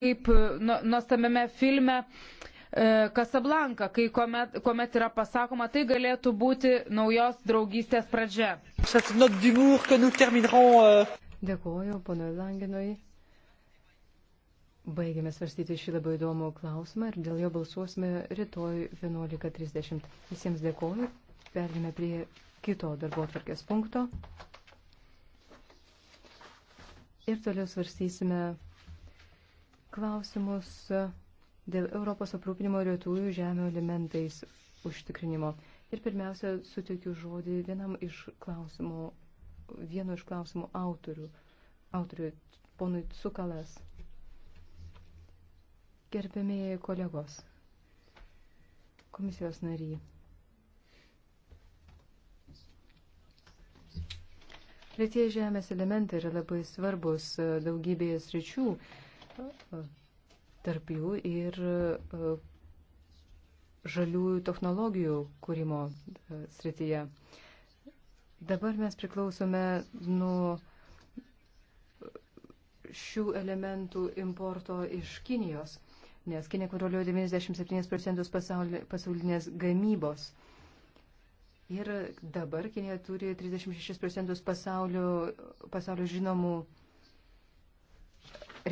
kaip e, nu, nuostamiame filme e, Kasablanka, kai kuomet, kuomet yra pasakoma, tai galėtų būti naujos draugystės pradžia. Euh, dėkuoju, ponui Langinui. Baigėme svarstyti šį labai įdomų klausimą ir dėl jo balsuosime rytoj 11.30. Visiems dėkuoju. Perėmėme prie kito darbo atvarkės punkto. Ir toliau svarstysime klausimus dėl Europos aprūpinimo rytųjų žemio elementais užtikrinimo. Ir pirmiausia, suteikiu žodį vienam iš klausimų, vieno iš klausimų autorių, autoriui, ponui Cukalas. Gerbėmėjai kolegos, komisijos nariai. Rytie žemės elementai yra labai svarbus daugybėje sričių tarp jų ir e, žaliųjų technologijų kūrimo e, srityje. Dabar mes priklausome nuo šių elementų importo iš Kinijos, nes Kinė kontroliuoja 97 procentus pasaulinės gamybos. Ir dabar Kinė turi 36 procentus pasaulio, pasaulio žinomų uh,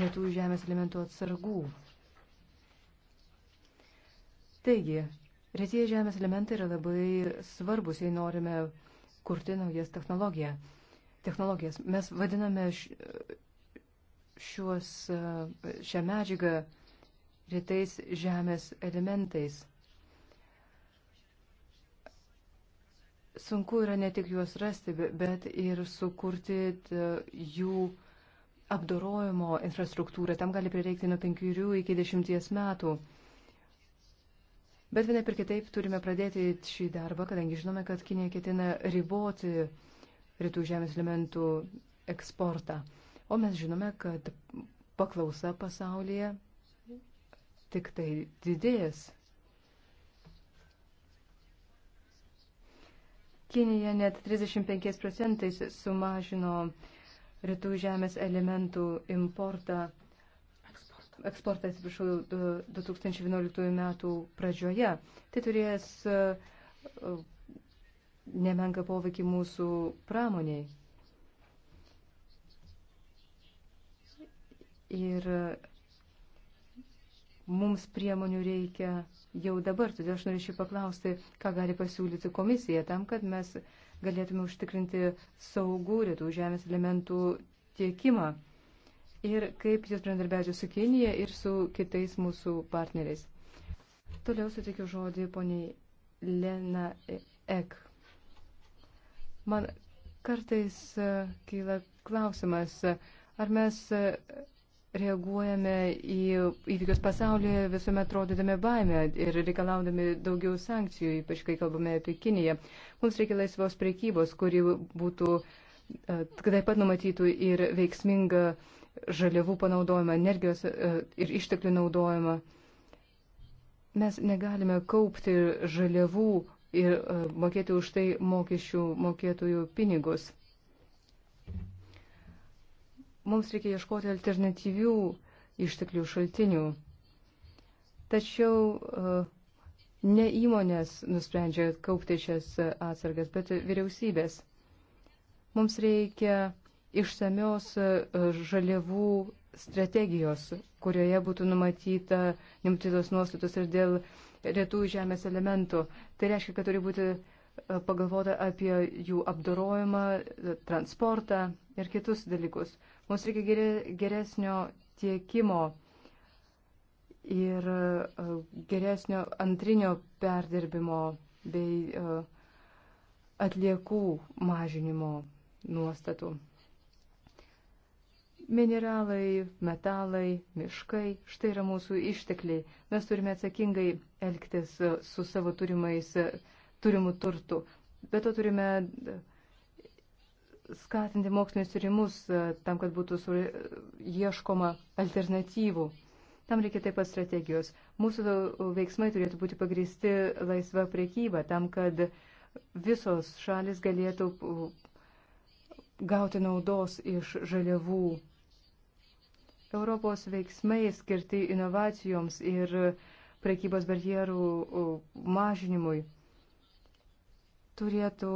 retų žemės elementų atsargų. Taigi, retie žemės elementai yra labai svarbus, jei norime kurti naujas technologijas. technologijas. Mes vadiname šiuos, šią medžiagą retais žemės elementais. Sunku yra ne tik juos rasti, bet ir sukurti jų uh, apdorojimo infrastruktūrą. Tam gali prireikti nuo penkerių iki dešimties metų. Bet vienai per kitaip turime pradėti šį darbą, kadangi žinome, kad Kinė ketina riboti rytų žemės elementų eksportą. O mes žinome, kad paklausa pasaulyje tik tai didės. Kinija net 35 procentais sumažino uh, rytų žemės elementų importą, eksportą, atsiprašau, 2011 metų pradžioje. Tai turės e, nemenka poveikį mūsų pramoniai. Ir mums priemonių reikia jau dabar. Todėl aš norėčiau paklausti, ką gali pasiūlyti komisija tam, kad mes galėtume užtikrinti saugų rytų žemės elementų tiekimą. Ir kaip jūs bendarbiaujate su Kinija ir su kitais mūsų partneriais. Toliau sutikiu žodį poniai Lena Ek. Man kartais e, kyla klausimas, ar mes e, reaguojame į įvykius pasaulyje visuomet rodydami baimę ir reikalaudami daugiau sankcijų, ypač kai kalbame apie Kiniją. Mums reikia laisvos priekybos, kuri būtų, kad e, taip pat numatytų ir veiksmingą žaliavų panaudojimą, energijos e, ir išteklių naudojimą. Mes negalime kaupti žaliavų ir e, mokėti už tai mokesčių mokėtojų pinigus mums reikia ieškoti alternatyvių išteklių šaltinių. Tačiau e, ne įmonės nusprendžia kaupti šias atsargas, bet vyriausybės. Mums reikia išsamios e, žaliavų strategijos, kurioje būtų numatyta nemtytos nuostatos ir dėl retų žemės elementų. Tai reiškia, kad turi būti e, pagalvota apie jų apdorojimą, transportą ir kitus dalykus. Mums reikia geresnio tiekimo ir e, geresnio antrinio perdirbimo bei e, atliekų mažinimo nuostatų. Mineralai, metalai, miškai - štai yra mūsų ištekliai. Mes turime atsakingai elgtis e, su savo turimais, turimu turtu. Bet to turime skatinti mokslinius tyrimus e, tam, kad būtų su, e, ieškoma alternatyvų. Tam reikia taip pat strategijos. Mūsų e, veiksmai turėtų būti pagristi laisva priekyba, tam, kad visos šalis galėtų gauti naudos iš žaliavų. Europos veiksmai skirti inovacijoms ir prekybos barjerų mažinimui turėtų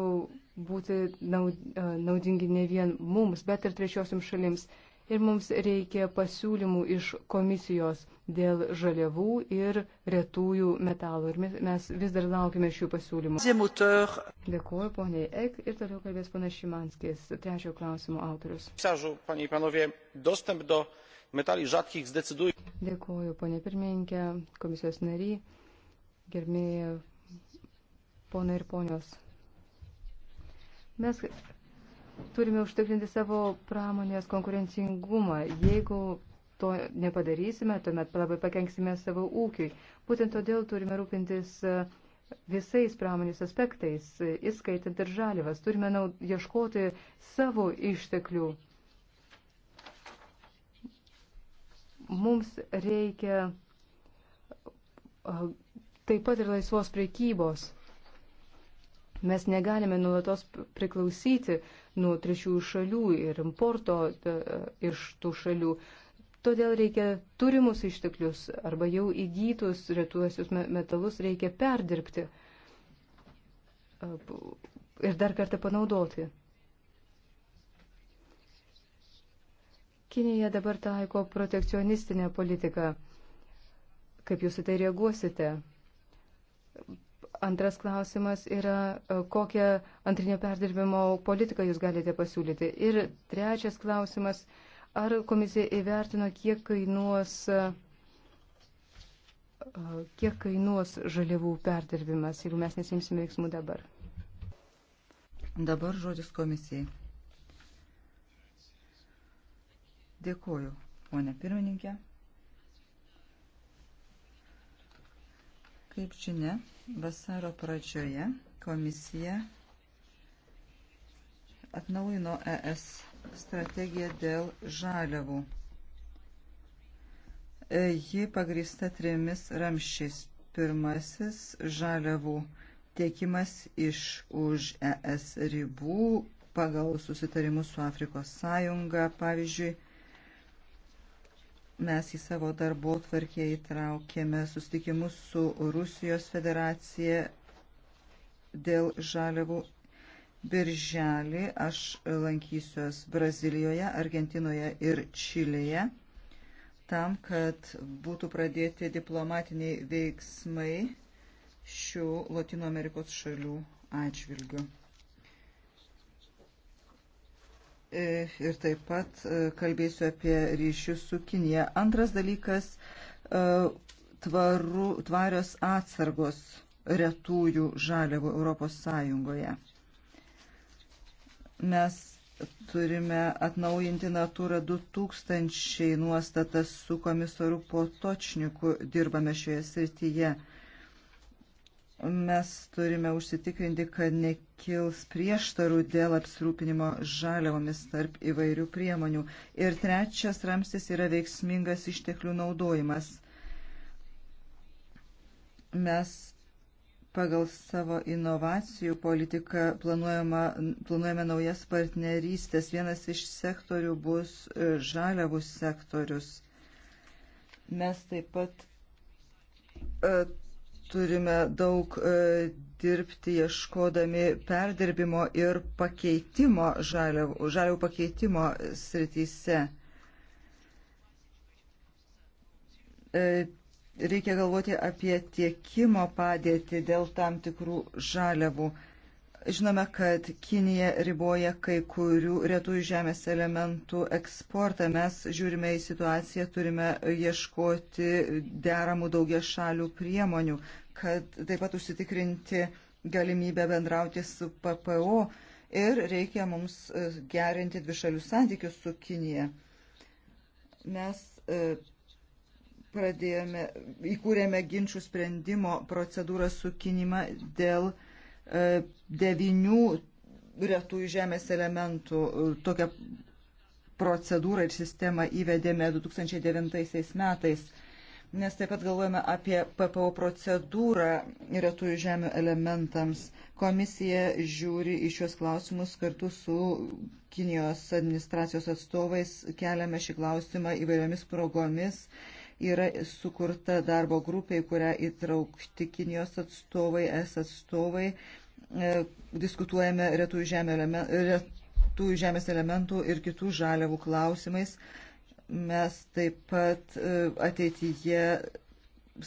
būti e, naudingi ne vien mums, bet ir trečiosiam šalims. Ir mums reikia pasiūlymų iš komisijos dėl žaliavų ir retųjų metalų. Ir mes vis dar laukime šių pasiūlymų. Dėkuoju, poniai Ek. Ir toliau kalbės pana Šimanskis, trečiojo klausimo autorius. Dėkuoju, ponė pirmininkė, komisijos nariai, gerbėjai, ponai ir ponios. Mes turime užtikrinti savo pramonės konkurencingumą. Jeigu to nepadarysime, tuomet labai pakenksime savo ūkiui. Būtent todėl turime rūpintis e, visais pramonės aspektais, e, įskaitant ir žalivas. Turime naud, ieškoti savo išteklių. Mums reikia e, taip pat ir laisvos priekybos. Mes negalime nulatos priklausyti nuo trečių šalių ir importo e, iš tų šalių. Todėl reikia turimus išteklius arba jau įgytus retuosius metalus reikia perdirbti e, ir dar kartą panaudoti. Kinija dabar taiko protekcionistinę politiką. Kaip jūs į tai reaguosite? Antras klausimas yra, e, kokią antrinio perdirbimo politiką jūs galite pasiūlyti. Ir trečias klausimas, ar komisija įvertino, kiek kainuos, e, kiek kainuos žaliavų perdirbimas, jeigu mes nesimsime veiksmų dabar. Dabar žodis komisijai. Dėkuoju, ponė pirmininkė. Kaip žinia, Vasaro pradžioje komisija atnaujino ES strategiją dėl žaliavų. E, ji pagrįsta trimis ramščiais. Pirmasis - žaliavų tiekimas iš už ES ribų pagal susitarimus su Afrikos sąjunga, pavyzdžiui, mes į savo darbo tvarkę įtraukėme susitikimus su Rusijos federacija dėl žaliavų. Birželį aš lankysiuos Brazilijoje, Argentinoje ir Čilėje tam, kad būtų pradėti diplomatiniai veiksmai šių Latino Amerikos šalių atžvilgių. E, ir taip pat e, kalbėsiu apie ryšius su Kinija. Antras dalykas e, - tvaru, tvarios atsargos retųjų žaliavų Europos Sąjungoje. Mes turime atnaujinti Natūra 2000 nuostatas su komisaru Potočniku, dirbame šioje srityje. Mes turime užsitikrinti, kad nekils prieštarų dėl apsirūpinimo žaliavomis tarp įvairių priemonių. Ir trečias ramstis yra veiksmingas išteklių naudojimas. Mes pagal savo inovacijų politiką planuojame naujas partnerystės. Vienas iš sektorių bus e, žaliavų sektorius. Mes taip pat e, turime daug e, dirbti ieškodami perdirbimo ir pakeitimo žaliavų, žaliavų pakeitimo srityse. E, reikia galvoti apie tiekimo padėtį dėl tam tikrų žaliavų. Žinome, kad Kinija riboja kai kurių retųjų žemės elementų eksportą. Mes žiūrime į situaciją, turime ieškoti deramų daugia šalių priemonių, kad taip pat užsitikrinti galimybę bendrauti su PPO ir reikia mums e, gerinti dvišalių santykius su Kinija. Mes e, pradėjome, įkūrėme ginčių sprendimo procedūrą su Kinima dėl uh, devinių retų žemės elementų e, tokią procedūrą ir sistemą įvedėme 2009 metais, nes taip pat galvojame apie PPO procedūrą retųjų žemė elementams. Komisija žiūri į šios klausimus kartu su Kinijos administracijos atstovais, keliame šį klausimą įvairiomis progomis yra sukurta darbo grupė, į kurią įtraukti Kinijos atstovai, es atstovai, E, diskutuojame retų, žemė, retų žemės elementų ir kitų žaliavų klausimais. Mes taip pat e, ateityje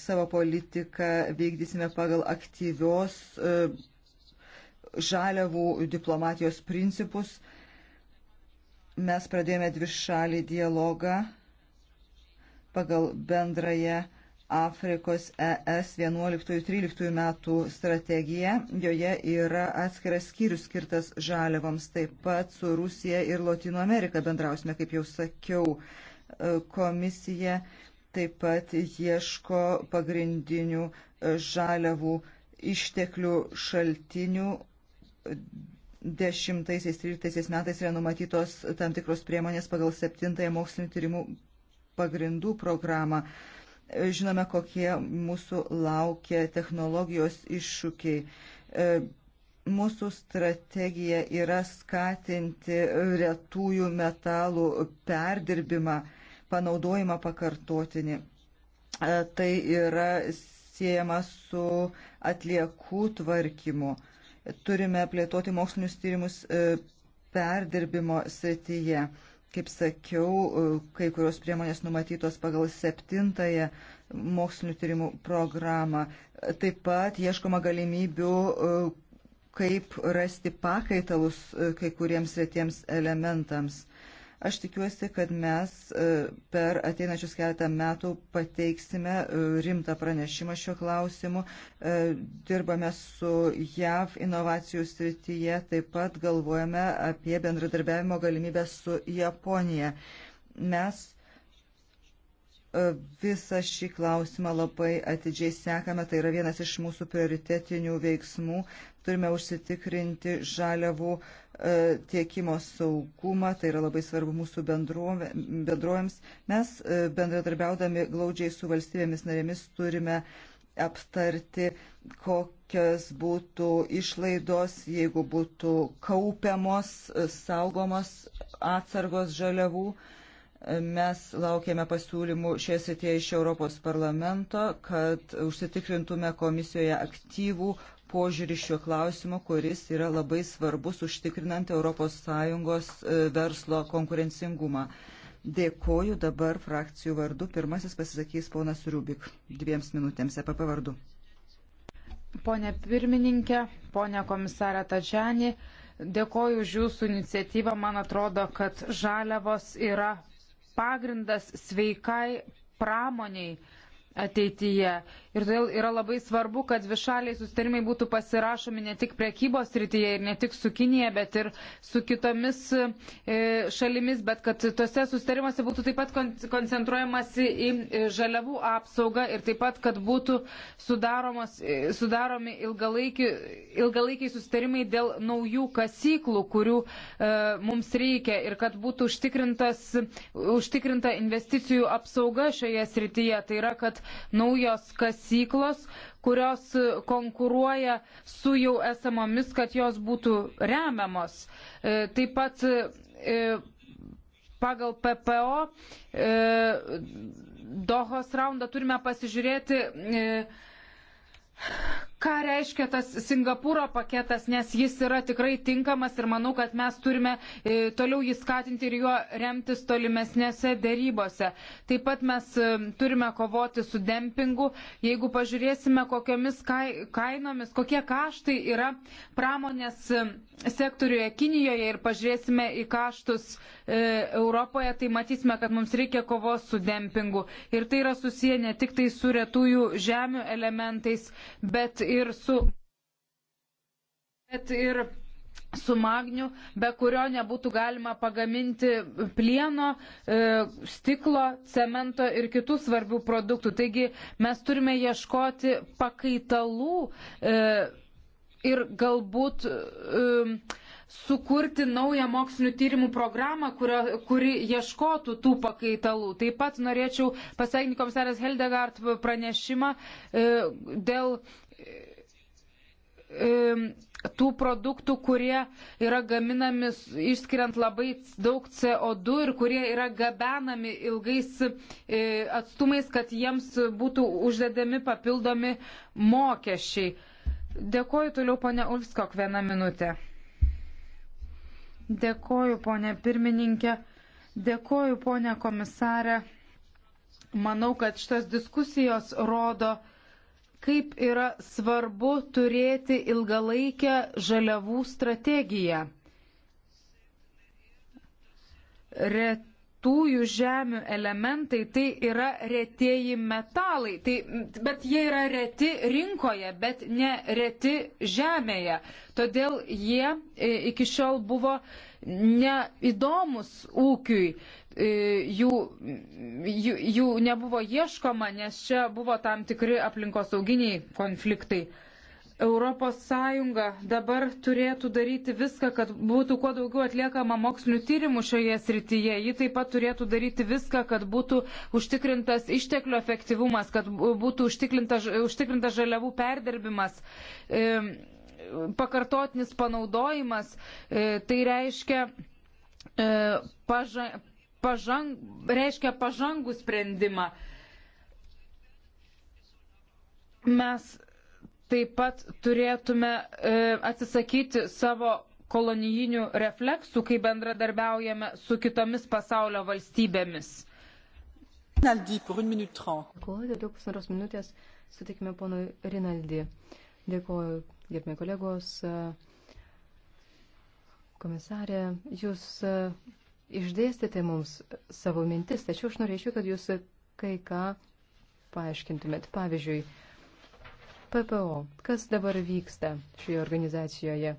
savo politiką vykdysime pagal aktyvios e, žaliavų diplomatijos principus. Mes pradėjome dvišalį dialogą pagal bendrąją Afrikos ES 11-13 metų strategija. Joje yra atskiras skyrius skirtas žaliavoms. Taip pat su Rusija ir Latino Amerika bendrausime, kaip jau sakiau, e, komisija taip pat ieško pagrindinių e, žaliavų išteklių šaltinių. 10-13 metais yra numatytos tam tikros priemonės pagal 7 mokslinio tyrimų pagrindų programą. Uh, Žinome, kokie mūsų laukia technologijos iššūkiai. E, mūsų strategija yra skatinti retųjų metalų perdirbimą, panaudojimą pakartotinį. E, tai yra siejama su atliekų tvarkymu. Turime plėtoti mokslinius tyrimus e, perdirbimo srityje. Kaip sakiau, kai kurios priemonės numatytos pagal septintąją mokslinių tyrimų programą. Taip pat ieškoma galimybių, kaip rasti pakaitalus e, kai kuriems retiems elementams Aš tikiuosi, kad mes e, per ateinačius keletą metų pateiksime e, rimtą pranešimą šiuo klausimu. E, dirbame su JAV inovacijų srityje, taip pat galvojame apie bendradarbiavimo galimybę su Japonija. Mes visą šį klausimą labai atidžiai sekame, tai yra vienas iš mūsų prioritetinių veiksmų. Turime užsitikrinti žaliavų E, tiekimo saugumą, tai yra labai svarbu mūsų bendrovėms. Mes e, bendradarbiaudami glaudžiai su valstybėmis narėmis turime aptarti, kokios būtų išlaidos, jeigu būtų kaupiamos, saugomos atsargos žaliavų. E, mes laukiame pasiūlymų šioje srityje iš Europos parlamento, kad užsitikrintume komisijoje aktyvų požiūrį šiuo klausimu, kuris yra labai svarbus užtikrinant ES e, verslo konkurencingumą. Dėkoju dabar frakcijų vardu. Pirmasis pasisakys ponas Rubik dviems minutėms EPP vardu. Pone pirmininkė, pone komisarė Tadžiani, dėkoju už jūsų iniciatyvą. Man atrodo, kad žaliavos yra pagrindas sveikai pramoniai ateityje. Ir todėl yra labai svarbu, kad višaliai sustarimai būtų pasirašomi ne tik prekybos rytyje ir ne tik su Kinija, bet ir su kitomis e, šalimis, bet kad tose sustarimuose būtų taip pat koncentruojamasi į e, žaliavų apsaugą ir taip pat, kad būtų e, sudaromi ilgalaikiai, ilgalaikiai sustarimai dėl naujų kasyklų, kurių mums reikia ir kad būtų užtikrinta investicijų apsauga šioje srityje. Tai yra, kad naujos kasyklos kasyklos, kurios konkuruoja su jau esamomis, kad jos būtų remiamos. E, taip pat e, pagal PPO e, Dohos raundą turime pasižiūrėti, ką reiškia tas Singapūro paketas, nes jis yra tikrai tinkamas ir manau, kad mes turime e, toliau jį skatinti ir juo remtis tolimesnėse dėrybose. Taip pat mes e, turime kovoti su dempingu. Jeigu pažiūrėsime, kokiamis kainomis, kokie kaštai yra pramonės e, sektoriuje Kinijoje ir pažiūrėsime į kaštus Europoje, tai matysime, kad mums reikia kovos su dempingu. Ir tai yra susiję ne tik tai su retųjų žemių elementais, bet ir su, bet ir su magniu, be kurio nebūtų galima pagaminti plieno, e, stiklo, cemento ir kitų svarbių produktų. Taigi mes turime ieškoti pakaitalų e, ir galbūt e, sukurti naują mokslinių tyrimų programą, kurio, kuri ieškotų tų pakaitalų. Taip pat norėčiau pasveikinti komisarės Heldegard pranešimą dėl E, tų produktų, kurie yra gaminami išskiriant labai daug CO2 ir kurie yra gabenami ilgais e, atstumais, kad jiems būtų uždedami papildomi mokesčiai. Dėkoju toliau, ponia Ulfskok, vieną minutę. Dėkoju, ponia pirmininkė. Dėkoju, ponia komisarė. Manau, kad šitas diskusijos rodo, kaip yra svarbu turėti ilgalaikę žaliavų strategiją. Ret retųjų žemių elementai tai yra retieji metalai, tai, bet jie yra reti rinkoje, bet ne reti žemėje. Todėl jie e, iki šiol buvo neįdomus ūkiui. E, jų, jų, jų nebuvo ieškoma, nes čia buvo tam tikri aplinkosauginiai konfliktai. ES dabar turėtų daryti viską, kad būtų kuo daugiau atliekama mokslinių tyrimų šioje srityje. Ji taip pat turėtų daryti viską, kad būtų užtikrintas išteklių efektyvumas, kad būtų užtikrintas, užtikrintas žaliavų perdirbimas. E, pakartotinis panaudojimas, e, tai reiškia paža, pažang, reiškia pažangų sprendimą. Mes taip pat turėtume e, atsisakyti savo kolonijinių refleksų, kai bendradarbiaujame su kitomis pasaulio valstybėmis. Dėkuoju, daugiau pusantros minutės sutikime ponui Rinaldi. Dėkuoju, gerbimi kolegos, komisarė, jūs išdėstėte mums savo mintis, tačiau aš norėčiau, kad jūs kai ką paaiškintumėt. Pavyzdžiui, PPO, kas dabar vyksta šioje organizacijoje?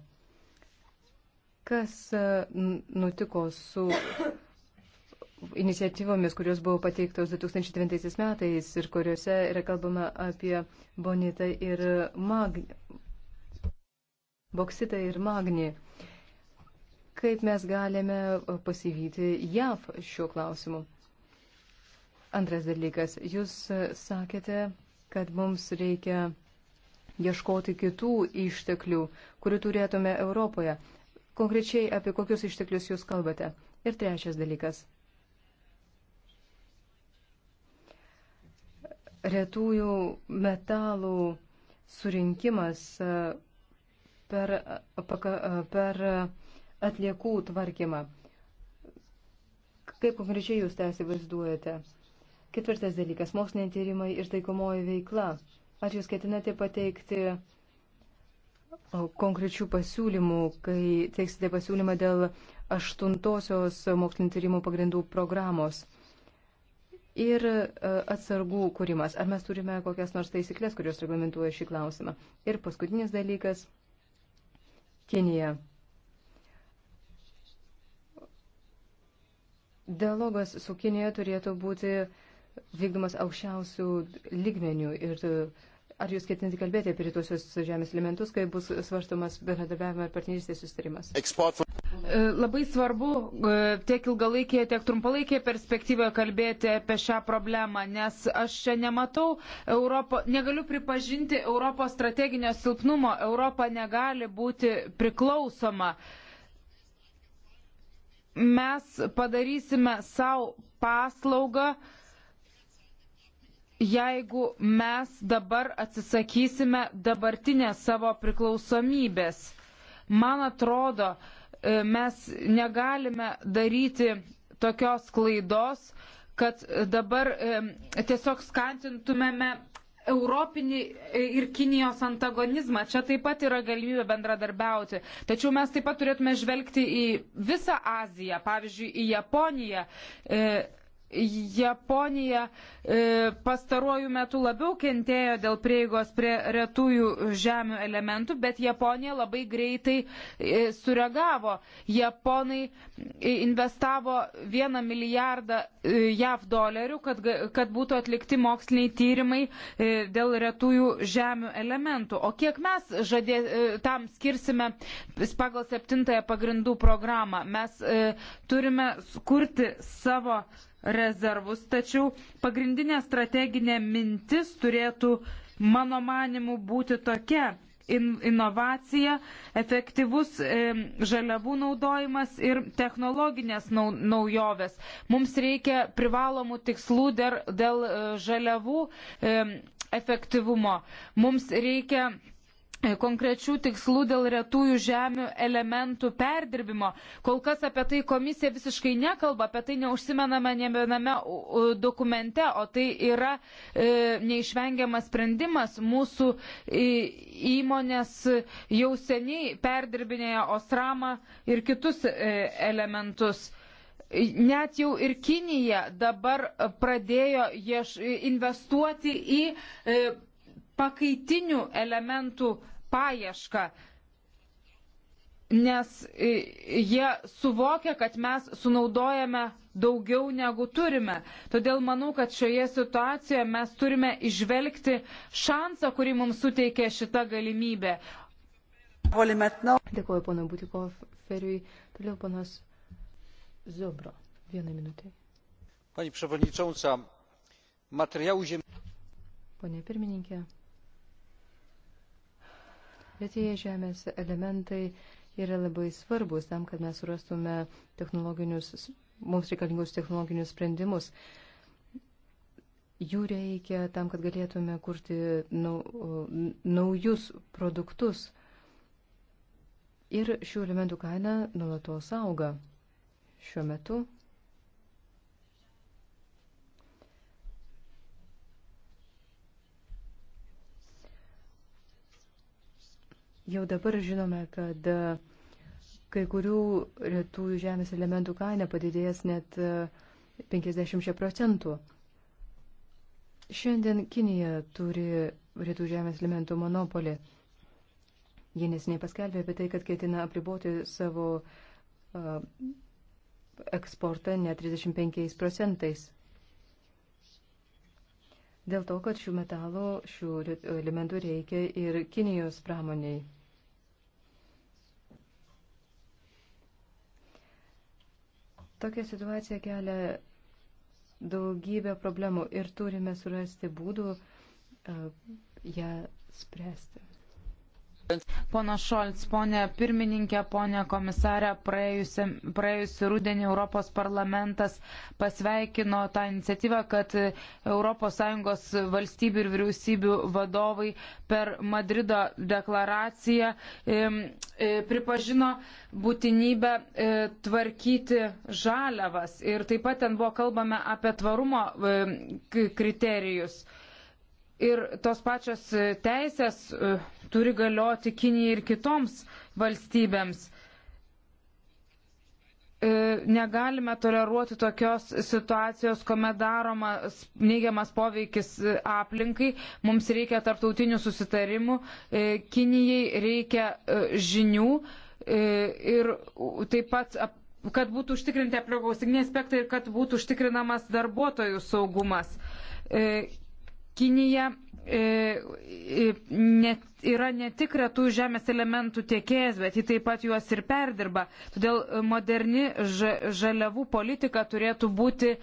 Kas e, nutiko su iniciatyvomis, kurios buvo pateiktos 2009 metais ir kuriuose yra kalbama apie bonitą ir magnį, boksitą ir magnį kaip mes galime uh, pasivyti JAV šiuo klausimu. Antras dalykas, jūs uh, sakėte, kad mums reikia ieškoti kitų išteklių, kurių turėtume Europoje. Konkrečiai apie kokius išteklius jūs kalbate. Ir trečias dalykas. Retųjų metalų surinkimas uh, per, per atliekų tvarkymą. Kaip konkrečiai jūs tą įsivaizduojate? Ketvirtas dalykas - moksliniai tyrimai ir taikomoji veikla. Ar jūs ketinate pateikti konkrečių pasiūlymų, kai teiksite pasiūlymą dėl aštuntosios mokslinio tyrimų pagrindų programos? Ir e, atsargų kūrimas. Ar mes turime kokias nors taisyklės, kurios reglamentuoja šį klausimą? Ir paskutinis dalykas - Kinija. Dialogas su Kinėje turėtų būti vykdomas aukščiausių lygmenių. Ir e, ar jūs ketinate kalbėti apie rytuosius žemės elementus, kai bus svarstomas bendradarbiavimo ir partnerystės sustarimas? E, labai svarbu e, tiek ilgalaikėje, tiek trumpalaikėje perspektyvoje kalbėti apie šią problemą, nes aš čia nematau Europo, negaliu pripažinti Europos strateginio silpnumo, Europa negali būti priklausoma. Uh, mes padarysime savo paslaugą, jeigu mes dabar atsisakysime dabartinės savo priklausomybės. Man atrodo, e, mes negalime daryti tokios klaidos, kad dabar e, tiesiog skantintumėme europinį e, ir Kinijos antagonizmą. Čia taip pat yra galimybė bendradarbiauti. Tačiau mes taip pat turėtume žvelgti į visą Aziją, pavyzdžiui, į Japoniją. E, Japonija e, pastaruoju metu labiau kentėjo dėl prieigos prie retųjų žemių elementų, bet Japonija labai greitai e, sureagavo. Japonai e, investavo vieną milijardą e, JAV dolerių, kad, kad būtų atlikti moksliniai tyrimai e, dėl retųjų žemių elementų. O kiek mes žadė, e, tam skirsime pagal septintąją pagrindų programą? Mes e, turime kurti savo rezervus, tačiau pagrindinė strateginė mintis turėtų, mano manimu, būti tokia in, inovacija, efektyvus e, žaliavų naudojimas ir technologinės nau, naujovės. Mums reikia privalomų tikslų der, dėl e, žaliavų e, efektyvumo. Mums reikia konkrečių tikslų dėl retųjų žemių elementų perdirbimo. Kol kas apie tai komisija visiškai nekalba, apie tai neužsimenama ne viename dokumente, o tai yra e, neišvengiamas sprendimas. Mūsų e, įmonės jau seniai perdirbinėja osramą ir kitus e, elementus. Net jau ir Kinija dabar pradėjo ieš, investuoti į e, pakaitinių elementų paiešką nes jie suvokia, kad mes sunaudojame daugiau negu turime. Todėl manau, kad šioje situacijoje mes turime išvelgti šansą, kurį mums suteikė šita galimybė. Dėkuoju, pono Butiko Feriui. Toliau ponas Zobro. Vieną minutę. Pani Przewodnicząca, materiałų žemė. Pone pirmininkė bet jie žemės elementai yra labai svarbus tam, kad mes surastume technologinius, mums reikalingus technologinius sprendimus. Jų reikia tam, kad galėtume kurti nau, naujus produktus. Ir šių elementų kaina nulatos auga. Šiuo metu Jau dabar žinome, kad e, kai kurių retųjų žemės elementų kaina padidėjęs net 50 e, procentų. Šiandien Kinija turi retų žemės elementų monopolį. Jie nesiniai paskelbė apie tai, kad ketina apriboti savo uh, eksportą net 35 procentais. Dėl to, kad šių metalų, šių elementų reikia ir Kinijos pramoniai. Tokia situacija kelia daugybę problemų ir turime surasti būdų e, ją spręsti. Pono Šolc, ponė pirmininkė, ponė komisarė, praėjusi, praėjusi rudenį Europos parlamentas pasveikino tą iniciatyvą, kad ES valstybių ir vyriausybių vadovai per Madrido deklaraciją e, e, pripažino būtinybę e, tvarkyti žaliavas. Ir taip pat ten buvo kalbame apie tvarumo e, kriterijus. E, ir tos pačios e, teisės e, turi galioti Kinijai ir kitoms valstybėms. E, negalime toleruoti tokios situacijos, kuomet daromas neigiamas poveikis aplinkai. Mums reikia tarptautinių susitarimų, Kinijai reikia žinių ir taip pat kad būtų užtikrinti aplinkosauginiai aspektai ir kad būtų užtikrinamas darbuotojų saugumas. Kinija e, e, net, yra ne tik retų žemės elementų tiekėjas, bet ji taip pat juos ir perdirba. Todėl moderni žaliavų politika turėtų būti e,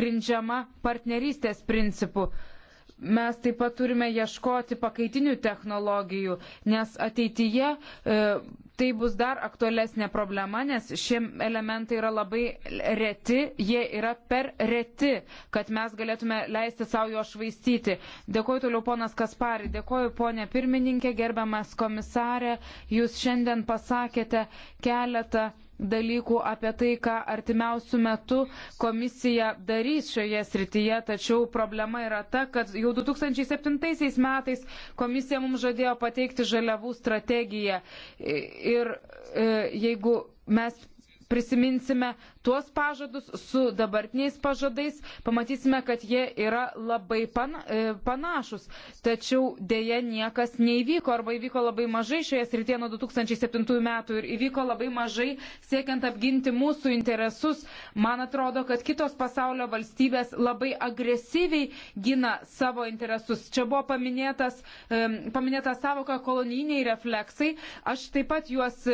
grindžiama partnerystės principu mes taip pat turime ieškoti pakaitinių technologijų, nes ateityje e, tai bus dar aktualesnė problema, nes šie elementai yra labai reti, jie yra per reti, kad mes galėtume leisti savo jo švaistyti. Dėkuoju toliau ponas Kaspari, dėkuoju ponė pirmininkė, gerbiamas komisarė, jūs šiandien pasakėte keletą dalykų apie tai, ką artimiausių metų komisija darys šioje srityje, tačiau problema yra ta, kad jau 2007 metais komisija mums žadėjo pateikti žaliavų strategiją. Ir e, jeigu mes prisiminsime tuos pažadus su dabartiniais pažadais, pamatysime, kad jie yra labai pana, e, panašus. Tačiau dėje niekas neįvyko arba įvyko labai mažai šioje srityje nuo 2007 metų ir įvyko labai mažai siekiant apginti mūsų interesus. Man atrodo, kad kitos pasaulio valstybės labai agresyviai gina savo interesus. Čia buvo paminėtas, paminėta savoka kolonijiniai refleksai. Aš taip pat juos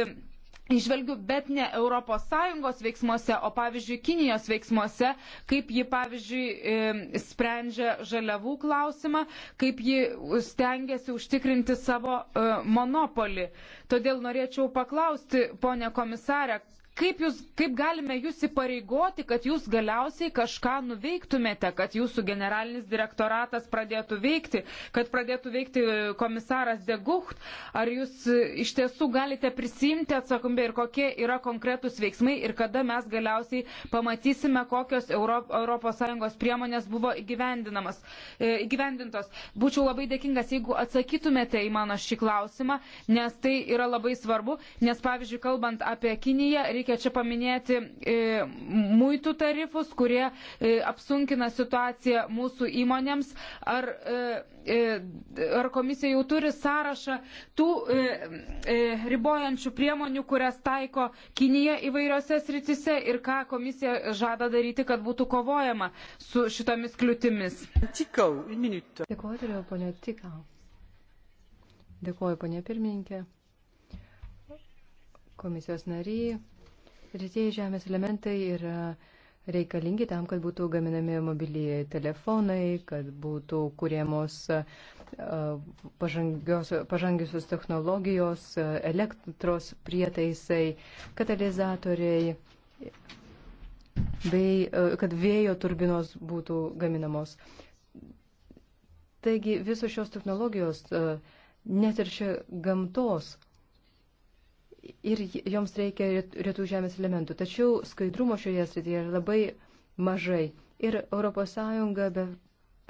Išvelgiu, bet ne ES veiksmuose, o pavyzdžiui Kinijos veiksmuose, kaip ji pavyzdžiui sprendžia žaliavų klausimą, kaip ji stengiasi užtikrinti savo e, monopolį. Todėl norėčiau paklausti, ponė komisarė, kaip, jūs, kaip galime jūs įpareigoti, kad jūs galiausiai kažką nuveiktumėte, kad jūsų generalinis direktoratas pradėtų veikti, kad pradėtų veikti komisaras Degucht? Ar jūs iš tiesų galite prisimti atsakomybę ir kokie yra konkretūs veiksmai ir kada mes galiausiai pamatysime, kokios ES priemonės buvo e, įgyvendintos? Būčiau labai dėkingas, jeigu atsakytumėte į mano šį klausimą, nes tai yra labai svarbu, nes pavyzdžiui, kalbant apie Kiniją, reikia reikia čia paminėti e, muitų tarifus, kurie e, apsunkina situaciją mūsų įmonėms. Ar, e, ar komisija jau turi sąrašą tų ribojančių priemonių, kurias taiko Kinija įvairiose sritise ir ką komisija žada daryti, kad būtų kovojama su šitomis kliūtimis? Tikau, minutę. Dėkuoju, turėjau, ponė Tikau. Dėkuoju, ponė pirmininkė komisijos nariai, Retieji žemės elementai yra reikalingi tam, kad būtų gaminami mobilieji telefonai, kad būtų kuriamos pažangiusios technologijos, elektros prietaisai, katalizatoriai, bei kad vėjo turbinos būtų gaminamos. Taigi visos šios technologijos neteršia gamtos ir joms reikia rytų žemės elementų. Tačiau skaidrumo šioje srityje yra labai mažai. Ir ES be,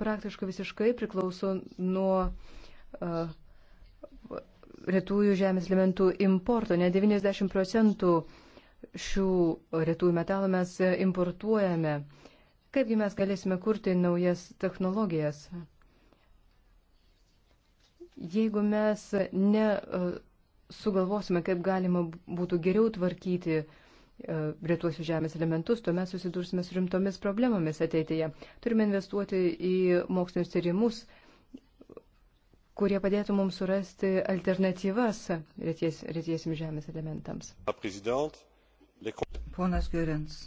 praktiškai visiškai priklauso nuo uh, retųjų žemės elementų importo. Ne 90 procentų šių retųjų metalų mes importuojame. Kaipgi mes galėsime kurti naujas technologijas? Jeigu mes ne. Uh, sugalvosime, kaip galima būtų geriau tvarkyti e, retuosius žemės elementus, tuomet susidursime su rimtomis problemomis ateityje. Turime investuoti į mokslinius tyrimus, kurie padėtų mums surasti alternatyvas reties, retiesiams žemės elementams. Ponas Gerins,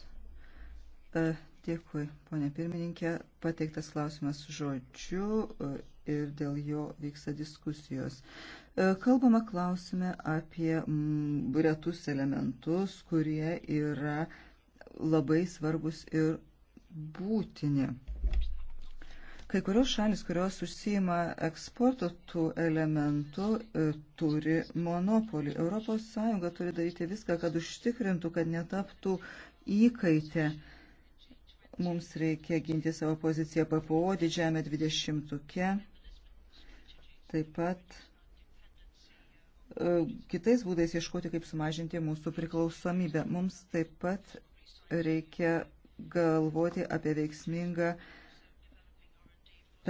e, Dėkui, ponė pirmininkė. Pateiktas klausimas žodžiu e, ir dėl jo vyksta diskusijos. E, kalbama klausime apie mm, retus elementus, kurie yra labai svarbus ir būtini. Kai kurios šalis, kurios užsijima eksporto tų elementų, e, turi monopolį. ES turi daryti viską, kad užtikrintų, kad netaptų įkaitę uh, Mums reikia ginti savo poziciją PPO didžiame 20-uke. Taip pat e, kitais būdais ieškoti, kaip sumažinti mūsų priklausomybę. Mums taip pat reikia galvoti apie veiksmingą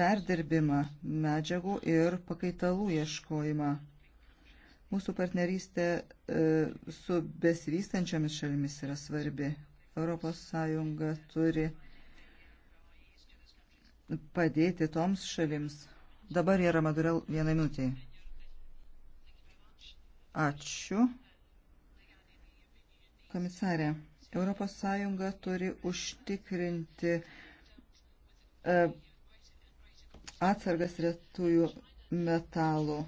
perdirbimą medžiagų ir pakaitalų ieškojimą. Mūsų partnerystė e, su besivystančiomis šalimis yra svarbi. ES turi padėti toms šalims. Dabar yra Madurel vienai minutiai. Ačiū. Komisarė, ES turi užtikrinti e, atsargas retųjų metalų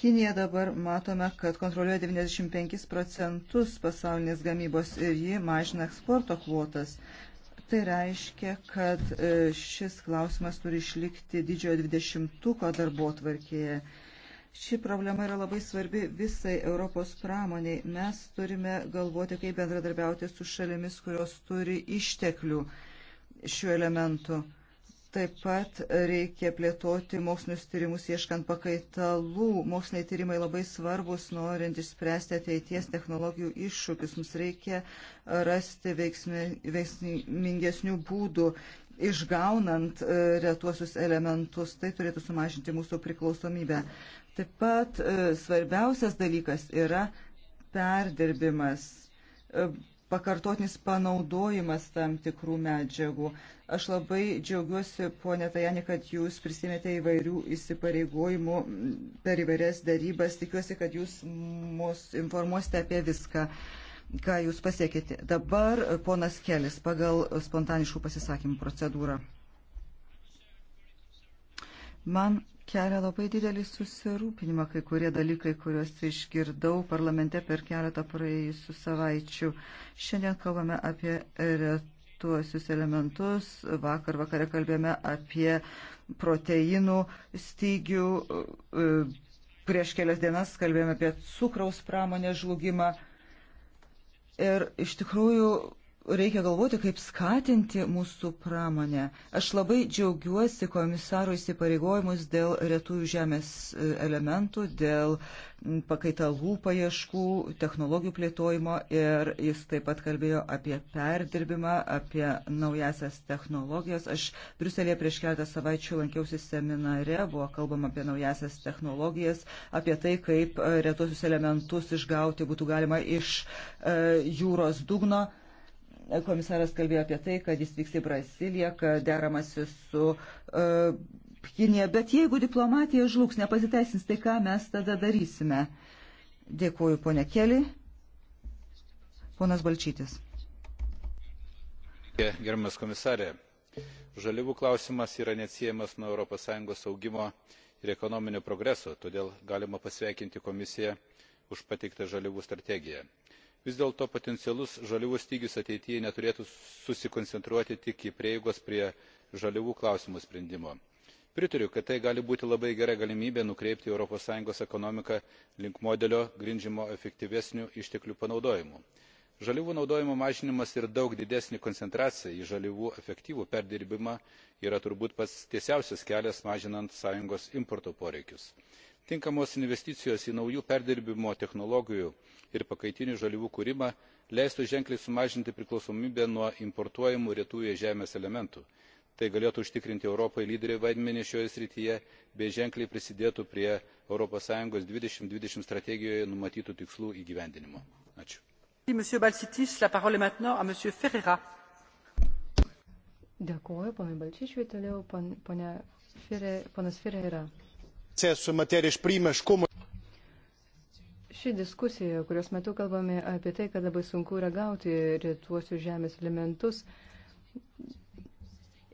Kinija dabar matome, kad kontroliuoja 95 procentus pasaulinės gamybos ir ji mažina eksporto kvotas. Tai reiškia, kad e, šis klausimas turi išlikti didžiojo 20-ko darbo tvarkėje. Ši problema yra labai svarbi visai Europos pramoniai. Mes turime galvoti, kaip bendradarbiauti su šalimis, kurios turi išteklių šiuo elementu. Taip pat reikia plėtoti mokslinius tyrimus ieškant pakaitalų. Moksliniai tyrimai labai svarbus, norint išspręsti ateities technologijų iššūkius. Mums reikia rasti veiksmė, veiksmingesnių būdų, išgaunant e, retuosius elementus. Tai turėtų sumažinti mūsų priklausomybę. Taip pat e, svarbiausias dalykas yra perdirbimas e, pakartotinis panaudojimas tam tikrų medžiagų. Aš labai džiaugiuosi, ponė Tajani, kad jūs prisimėte įvairių įsipareigojimų per įvairias darybas. Tikiuosi, kad jūs mus informuosite apie viską, ką jūs pasiekite. Dabar ponas Kelis pagal spontaniškų pasisakymų procedūrą. Man kelia labai didelį susirūpinimą kai kurie dalykai, kuriuos išgirdau parlamente per keletą praėjusių savaičių. Šiandien kalbame apie retuosius elementus, vakar vakare kalbėjome apie proteinų stygių, e, prieš kelias dienas kalbėjome apie cukraus pramonės žlugimą. Ir iš tikrųjų reikia galvoti, kaip skatinti mūsų pramonę. Aš labai džiaugiuosi komisaro įsipareigojimus dėl retųjų žemės e, elementų, dėl pakaitalų paieškų, technologijų plėtojimo ir jis taip pat kalbėjo apie perdirbimą, apie naujasias technologijas. Aš Briuselėje prieš keletą savaičių lankiausi seminare, buvo kalbama apie naujasias technologijas, apie tai, kaip e, retuosius elementus išgauti būtų galima iš e, jūros dugno. Komisaras kalbėjo apie tai, kad jis vyks į Braziliją, kad deramasi su uh, Kinija. Bet jeigu diplomatija žlugs, nepasiteisins, tai ką mes tada darysime? Dėkuoju, ponė Keli. Ponas Balčytis. Gerbiamas komisarė, žaliavų klausimas yra neatsiejamas nuo ES augimo ir ekonominio progreso, todėl galima pasveikinti komisiją už pateiktą žaliavų strategiją vis dėlto potencialus žaliavų stygius ateityje neturėtų susikoncentruoti tik į prieigos prie žaliavų klausimo sprendimą. pritariu kad tai gali būti labai gera galimybė nukreipti europos sąjungos ekonomiką link modelio grindžiamo efektyvesniu išteklių panaudojimu. žaliavų naudojimo mažinimas ir daug didesnė koncentracija į žaliavų efektyvų perdirbimą yra turbūt pats tiesiausias kelias mažinant sąjungos importo poreikius tinkamos investicijos į naujų perdirbimo technologijų ir pakaitinių žaliavų kūrimą leistų ženkliai sumažinti priklausomybę nuo importuojamų retųjų žemės elementų tai galėtų užtikrinti europai lyderio vaidmenį šioje srityje bei ženkliai prisidėtų prie europos sąjungos two thousand and twenty strategijoje numatytų tikslų įgyvendinimo. ačiū. Dėkuoju, ponai Balčyčiui, toliau pon, ponas Ferreira acesso a matérias primas como. Ši diskusija, kurios metu kalbame apie tai, kad labai sunku yra gauti rytuosius žemės elementus,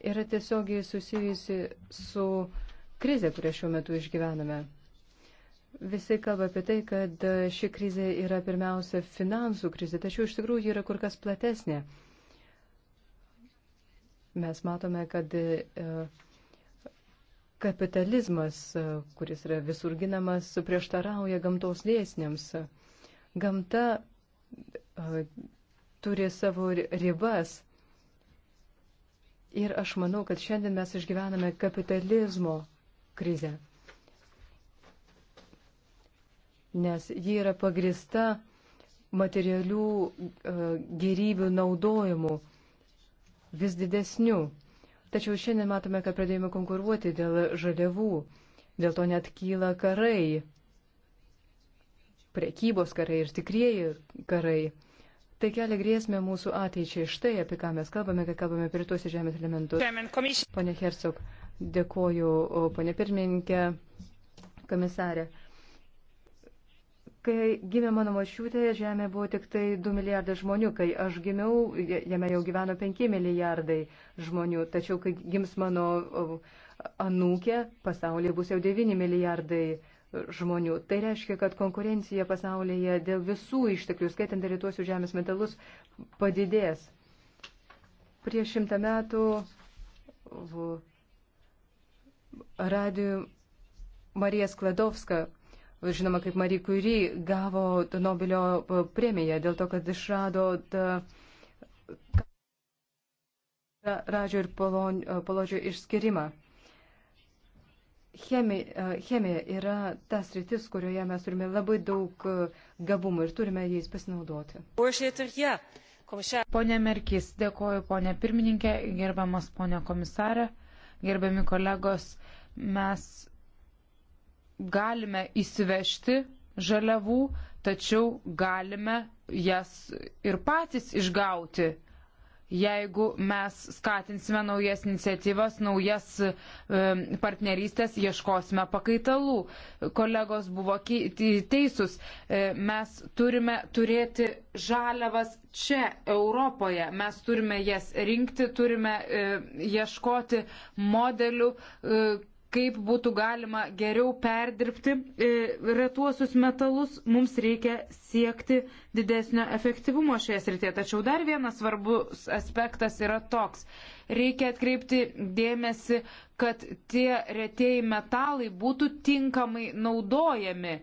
yra tiesiogiai susijusi su krize, kurią šiuo metu išgyvename. Visi kalba apie tai, kad ši krizė yra pirmiausia finansų krizė, tačiau iš tikrųjų ji yra kur kas platesnė. Mes matome, kad uh, kapitalizmas, e, kuris yra visur ginamas, prieštarauja gamtos dėsniams. Gamta e, turi savo ribas. Ir aš manau, kad šiandien mes išgyvename kapitalizmo krizę. Nes ji yra pagrista materialių e, gerybių naudojimu vis didesniu. Tačiau šiandien matome, kad pradėjome konkuruoti dėl žaliavų. Dėl to net kyla karai. Prekybos karai ir tikrieji karai. Tai kelia grėsmę mūsų ateičiai. Štai apie ką mes kalbame, kai kalbame apie rytuosius žemės elementus. Pone Hercog, dėkoju, pone pirmininkė, komisarė. Kai gimė mano mašiutė, Žemė buvo tik tai 2 milijardai žmonių. Kai aš gimiau, jame jau gyveno 5 milijardai žmonių. Tačiau, kai gims mano anūkė, pasaulyje bus jau 9 milijardai e, žmonių. Tai reiškia, kad konkurencija pasaulyje dėl visų išteklių, skaitant ir tuosius žemės metalus, padidės. Prieš šimtą metų radio Marija Skladovska žinoma kaip Marie Curie, gavo Nobelio premiją dėl to, kad išrado radžio ir polodžio išskirimą. Chemija, chemija yra tas rytis, kurioje mes turime labai daug gabumų ir turime jais pasinaudoti. Pone Merkis, dėkoju, ponė pirmininkė, gerbiamas ponė komisarė, gerbiami kolegos, mes galime įsivežti žaliavų, tačiau galime jas ir patys išgauti. Jeigu mes skatinsime naujas iniciatyvas, naujas e, partnerystės, ieškosime pakaitalų. Kolegos buvo teisūs. E, mes turime turėti žaliavas čia, Europoje. Mes turime jas rinkti, turime e, ieškoti modelių. E, kaip būtų galima geriau perdirbti e, retuosius metalus, mums reikia siekti didesnio efektyvumo šioje srityje. Tačiau dar vienas svarbus aspektas yra toks. Reikia atkreipti dėmesį, kad tie retieji metalai būtų tinkamai naudojami,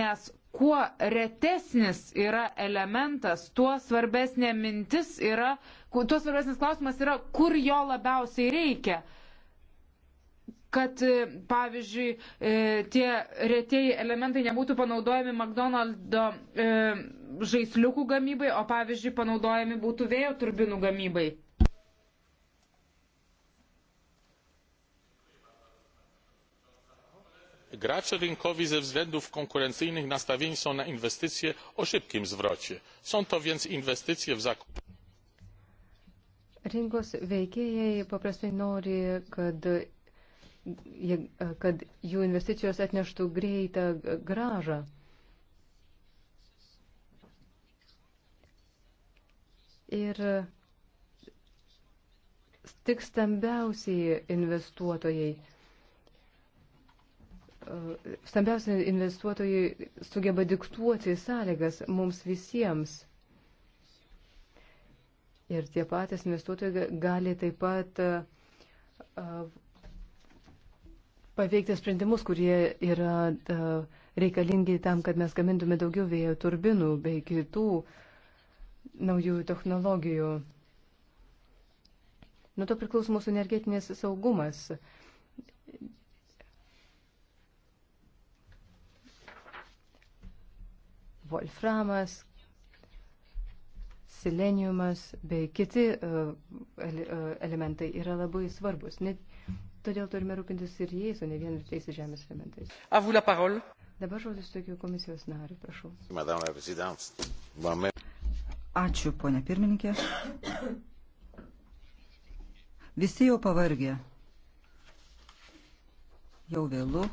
nes kuo retesnis yra elementas, tuo svarbesnė mintis yra, tuo svarbesnis klausimas yra, kur jo labiausiai reikia kad, e, pavyzdžiui, e, tie retieji elementai nebūtų panaudojami McDonald'o e, žaisliukų gamybai, o, pavyzdžiui, panaudojami būtų vėjo turbinų gamybai. gracze rynkowi ze względów konkurencyjnych nastawieni są na inwestycje o szybkim zwrocie są to więc inwestycje w zakup Rinkos veikėjai paprastai nori, kad kad jų investicijos atneštų greitą gražą. Ir tik stambiausiai investuotojai, stambiausiai investuotojai sugeba diktuoti sąlygas mums visiems. Ir tie patys investuotojai gali taip pat uh, paveikti sprendimus, kurie yra e, reikalingi tam, kad mes gamintume daugiau vėjo turbinų bei kitų naujų technologijų. Nuo to priklauso mūsų energetinės saugumas. Wolframas, sileniumas bei kiti e, e, elementai yra labai svarbus. Net Todėl turime rūpintis ir jais, o ne vien tais žemės elementais. Avu la parole. Dabar žodis tokiu komisijos nariu, prašau. Madame la Présidente, bon, Ačiū, ponia pirmininkė. Visi jau pavargė. Jau vėlu.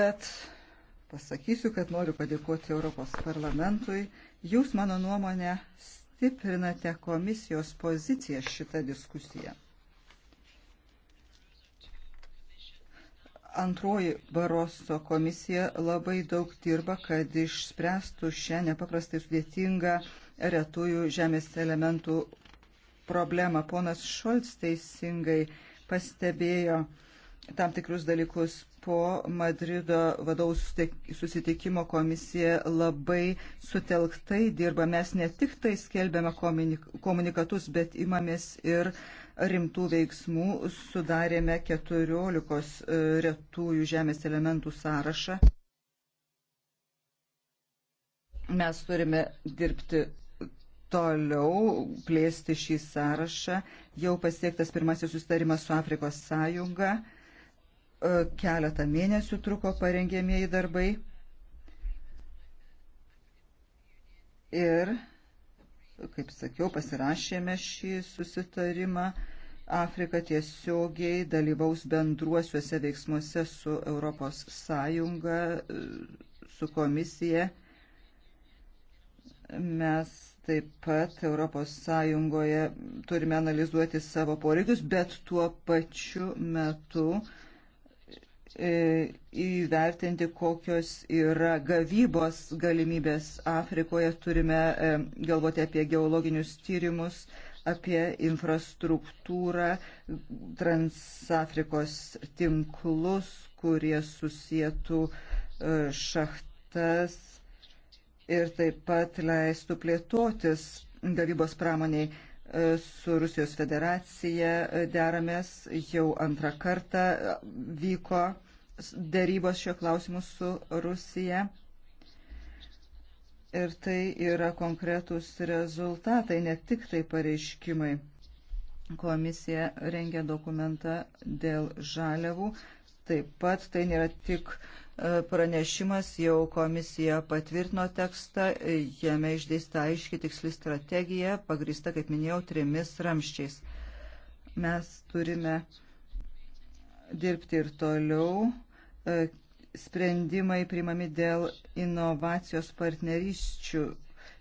Bet pasakysiu, kad noriu padėkoti Europos parlamentui. Jūs, mano nuomonė, stiprinate komisijos poziciją šitą diskusiją? Antroji Baroso komisija labai daug dirba, kad išspręstų šią nepaprastai sudėtingą retųjų žemės elementų problemą. Ponas Šolts teisingai pastebėjo, tam tikrus dalykus. Po Madrido vadovų susitikimo komisija labai sutelktai dirba. Mes ne tik tai skelbiame komunikatus, bet imamės ir rimtų veiksmų. Sudarėme 14 e, retųjų žemės elementų sąrašą. Mes turime dirbti toliau plėsti šį sąrašą. Jau pasiektas pirmasis sustarimas su Afrikos sąjunga E, keletą mėnesių truko parengėmėjai darbai. Ir, kaip sakiau, pasirašėme šį susitarimą. Afrika tiesiogiai dalyvaus bendruosiuose veiksmuose su Europos Sąjunga, e, su komisija. Mes taip pat Europos Sąjungoje turime analizuoti savo poreikius, bet tuo pačiu metu uh, E, įvertinti, kokios yra gavybos galimybės Afrikoje. Turime e, galvoti apie geologinius tyrimus, apie infrastruktūrą, Transafrikos tinklus, kurie susijėtų e, šachtas ir taip pat leistų plėtotis gavybos pramoniai su Rusijos federacija e, deramės, jau antrą kartą e, vyko dėrybos šio klausimu su Rusija. Ir tai yra konkretūs rezultatai, ne tik tai pareiškimai. Komisija rengia dokumentą dėl žaliavų. Taip pat tai nėra tik uh, E, pranešimas jau komisija patvirtino tekstą, e, jame išdėsta aiški tiksli strategija, pagrįsta, kaip minėjau, trimis ramščiais. Mes turime dirbti ir toliau. E, sprendimai primami dėl inovacijos partnerysčių.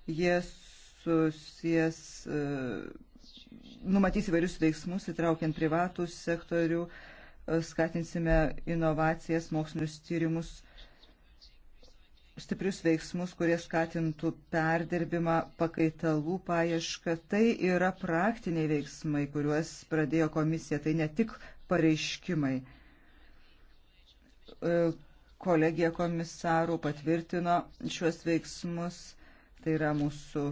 Jie susijęs numatys įvairius veiksmus, įtraukiant privatų sektorių, uh, skatinsime inovacijas, mokslinius tyrimus, stiprius veiksmus, kurie skatintų perdirbimą, pakaitalų paiešką. Tai yra praktiniai veiksmai, kuriuos pradėjo komisija, tai ne tik pareiškimai. E, kolegija komisarų patvirtino šiuos veiksmus, tai yra mūsų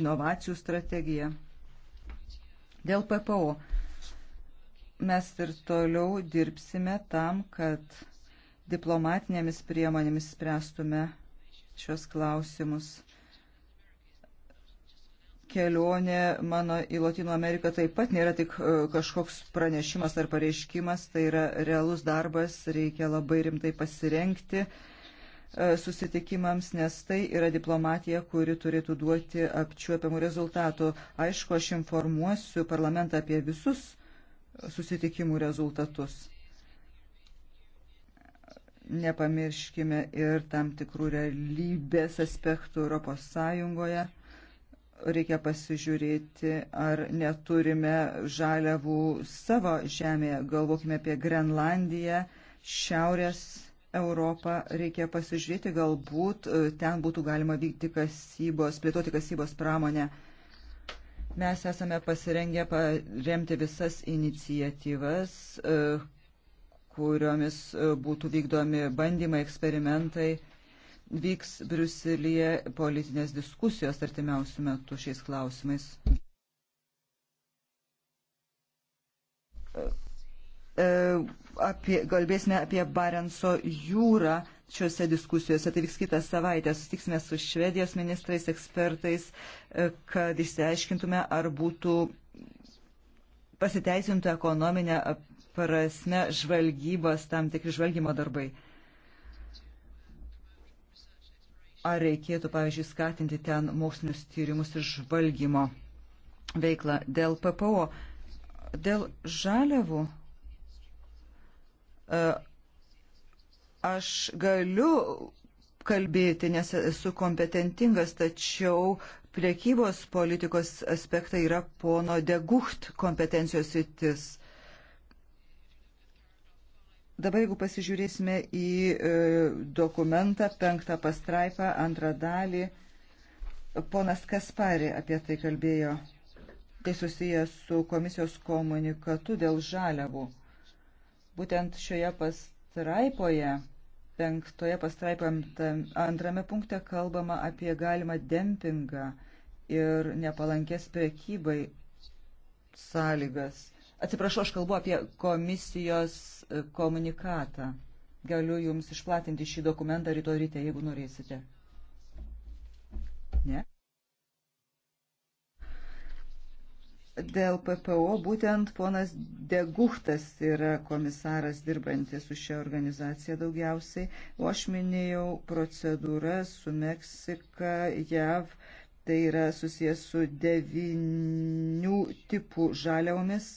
inovacijų strategija. Dėl PPO mes ir toliau dirbsime tam, kad diplomatinėmis priemonėmis spręstume šios klausimus. Kelionė mano į Latino Ameriką taip pat nėra tik e, kažkoks pranešimas ar pareiškimas, tai yra realus darbas, reikia labai rimtai pasirenkti e, susitikimams, nes tai yra diplomatija, kuri turėtų duoti apčiuopiamų rezultatų. Aišku, aš informuosiu parlamentą apie visus uh, susitikimų rezultatus. Nepamirškime ir tam tikrų realybės aspektų Europos Sąjungoje. Reikia pasižiūrėti, ar neturime žaliavų savo žemėje. Galvokime apie Grenlandiją, Šiaurės Europą reikia pasižiūrėti, galbūt e, ten būtų galima vykti kasybos, plėtoti kasybos pramonę. Mes esame pasirengę paremti visas inicijatyvas, e, kuriomis e, būtų vykdomi bandymai, eksperimentai. Vyks Briuselėje politinės diskusijos artimiausių metų šiais klausimais. E, apie, kalbėsime apie Barenso jūrą šiuose diskusijose. Tai vyks kitą savaitę. Sustiksime su švedijos ministrais, ekspertais, e, kad išsiaiškintume, ar būtų pasiteisintų ekonominę prasme žvalgybos tam tikri žvalgymo darbai. Ar reikėtų, pavyzdžiui, skatinti ten mokslinius tyrimus ir žvalgymo veiklą dėl PPO, dėl žaliavų E, aš galiu kalbėti, nes esu kompetentingas, tačiau priekybos politikos aspektai yra pono degucht kompetencijos rytis. Dabar jeigu pasižiūrėsime į e, dokumentą, penktą pastraipą, antrą dalį, ponas Kaspari apie tai kalbėjo. Tai susijęs su komisijos komunikatu dėl žaliavų. E, Būtent šioje pastraipoje, penktoje pastraipoje antrame punkte kalbama apie galimą dempingą ir nepalankės prekybai sąlygas. Atsiprašau, aš kalbu apie komisijos e, komunikatą. Galiu Jums išplatinti šį dokumentą rytoj ryte, jeigu norėsite. Ne? dėl PPO būtent ponas Deguchtas yra komisaras dirbantis su šia organizacija daugiausiai, o aš minėjau procedūras su Meksika, JAV, tai yra susijęs su devinių tipų žaliavomis.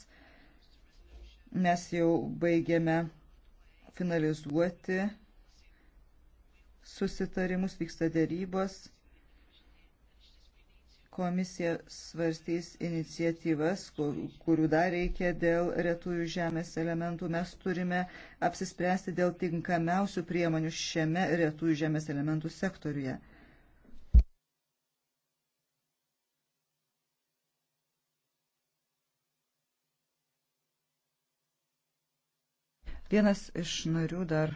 Mes jau baigėme finalizuoti susitarimus, vyksta dėrybos. Komisija svarstys iniciatyvas, kur, kurių dar reikia dėl retųjų žemės elementų. Mes turime apsispręsti dėl tinkamiausių priemonių šiame retųjų žemės elementų sektoriuje. Vienas iš narių dar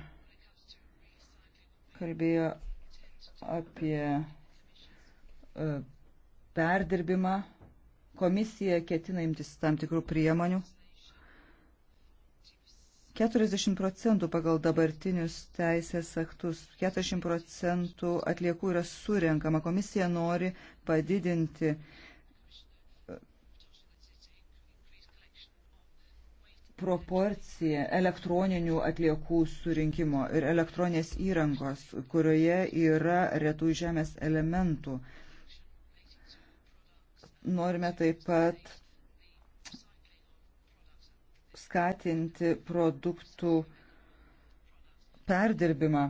kalbėjo apie e, perdirbimą. Komisija ketina imtis tam tikrų priemonių. 40 procentų pagal dabartinius teisės aktus, 40 procentų atliekų yra surenkama. Komisija nori padidinti uh, proporcija elektroninių atliekų surinkimo ir elektroninės įrangos, kurioje yra retų žemės elementų Norime taip pat skatinti produktų perdirbimą.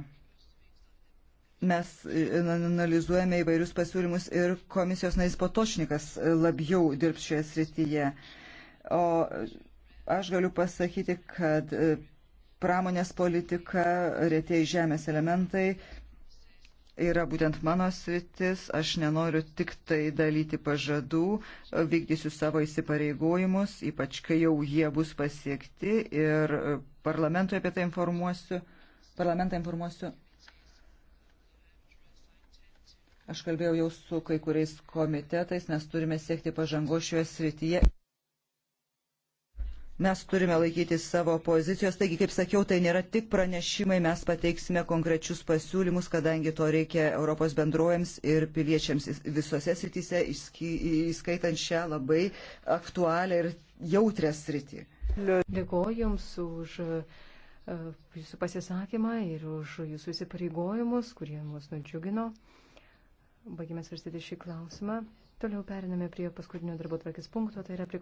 Mes e, analizuojame įvairius pasiūlymus ir komisijos narys Potočnikas e, labiau dirbs šioje srityje. O e, aš galiu pasakyti, kad pramonės politika, rėtėjai žemės elementai, yra būtent mano sritis, aš nenoriu tik tai dalyti pažadų, vykdysiu savo įsipareigojimus, ypač kai jau jie bus pasiekti ir parlamentui apie tai informuosiu. Parlamentą informuosiu. Aš kalbėjau jau su kai kuriais komitetais, nes turime siekti pažangos šioje srityje. Mes turime laikytis savo pozicijos. Taigi, kaip sakiau, tai nėra tik pranešimai, mes pateiksime konkrečius pasiūlymus, kadangi to reikia Europos bendruojams ir piliečiams visose srityse, įskaitant šią labai aktualią ir jautrę sritį. Dėkuoju Jums už e, Jūsų pasisakymą ir už Jūsų įsipareigojimus, kurie mus nudžiugino. Baigime svarstyti šį klausimą. Toliau periname prie paskutinio darbo tvarkės punkto, tai yra prie